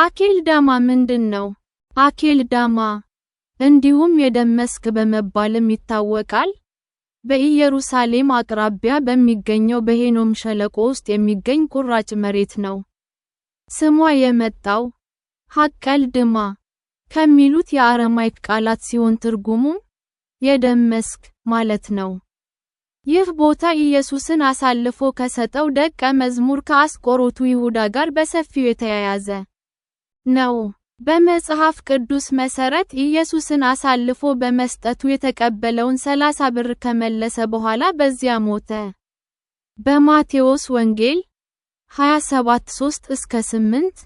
አኬልዳማ ምንድን ነው? አኬልዳማ እንዲሁም የደም መስክ በመባልም ይታወቃል። በኢየሩሳሌም አቅራቢያ በሚገኘው በሄኖም ሸለቆ ውስጥ የሚገኝ ቁራጭ መሬት ነው። ስሟ የመጣው ሐቀልድማ ከሚሉት የአረማይክ ቃላት ሲሆን ትርጉሙም የደም መስክ ማለት ነው። ይህ ቦታ ኢየሱስን አሳልፎ ከሰጠው ደቀ መዝሙር ከአስቆሮቱ ይሁዳ ጋር በሰፊው የተያያዘ ነው። በመጽሐፍ ቅዱስ መሠረት ኢየሱስን አሳልፎ በመስጠቱ የተቀበለውን ሰላሳ ብር ከመለሰ በኋላ በዚያ ሞተ። በማቴዎስ ወንጌል 27:3-8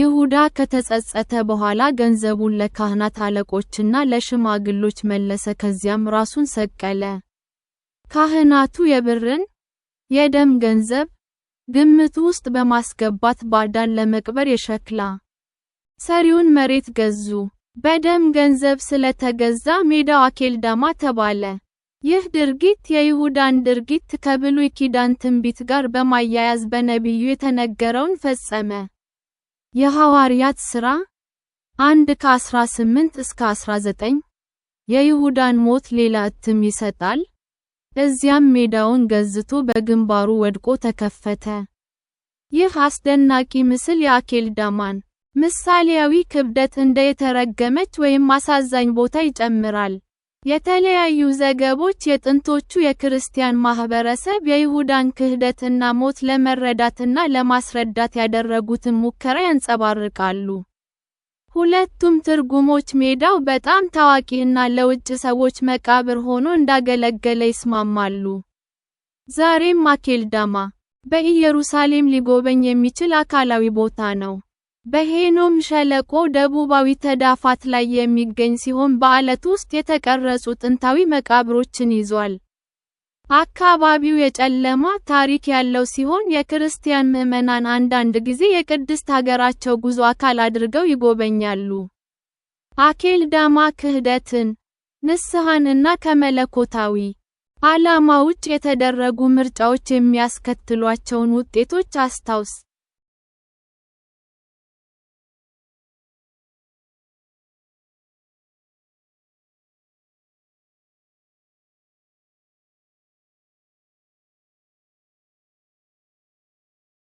ይሁዳ ከተጸጸተ በኋላ ገንዘቡን ለካህናት አለቆችና ለሽማግሎች መለሰ ከዚያም ራሱን ሰቀለ። ካህናቱ የብርን የደም ገንዘብ ግምት ውስጥ በማስገባት ባዳን ለመቅበር የሸክላ ሰሪውን መሬት ገዙ። በደም ገንዘብ ስለተገዛ ሜዳው አኬልዳማ ተባለ። ይህ ድርጊት የይሁዳን ድርጊት ከብሉይ ኪዳን ትንቢት ጋር በማያያዝ በነቢዩ የተነገረውን ፈጸመ። የሐዋርያት ሥራ 1 ከ18 እስከ 19 የይሁዳን ሞት ሌላ እትም ይሰጣል። እዚያም ሜዳውን ገዝቶ በግንባሩ ወድቆ ተከፈተ። ይህ አስደናቂ ምስል የአኬልዳማን ምሳሌያዊ ክብደት እንደ የተረገመች ወይም አሳዛኝ ቦታ ይጨምራል። የተለያዩ ዘገቦች የጥንቶቹ የክርስቲያን ማህበረሰብ የይሁዳን ክህደትና ሞት ለመረዳትና ለማስረዳት ያደረጉትን ሙከራ ያንጸባርቃሉ። ሁለቱም ትርጉሞች ሜዳው በጣም ታዋቂና ለውጭ ሰዎች መቃብር ሆኖ እንዳገለገለ ይስማማሉ። ዛሬም ማኬልዳማ በኢየሩሳሌም ሊጎበኝ የሚችል አካላዊ ቦታ ነው። በሄኖም ሸለቆ ደቡባዊ ተዳፋት ላይ የሚገኝ ሲሆን በዓለት ውስጥ የተቀረጹ ጥንታዊ መቃብሮችን ይዟል። አካባቢው የጨለማ ታሪክ ያለው ሲሆን የክርስቲያን ምዕመናን አንዳንድ ጊዜ የቅድስት ሀገራቸው ጉዞ አካል አድርገው ይጎበኛሉ። አኬልዳማ ክህደትን፣ ንስሐንና ከመለኮታዊ ዓላማ ውጭ የተደረጉ ምርጫዎች የሚያስከትሏቸውን ውጤቶች አስታውስ።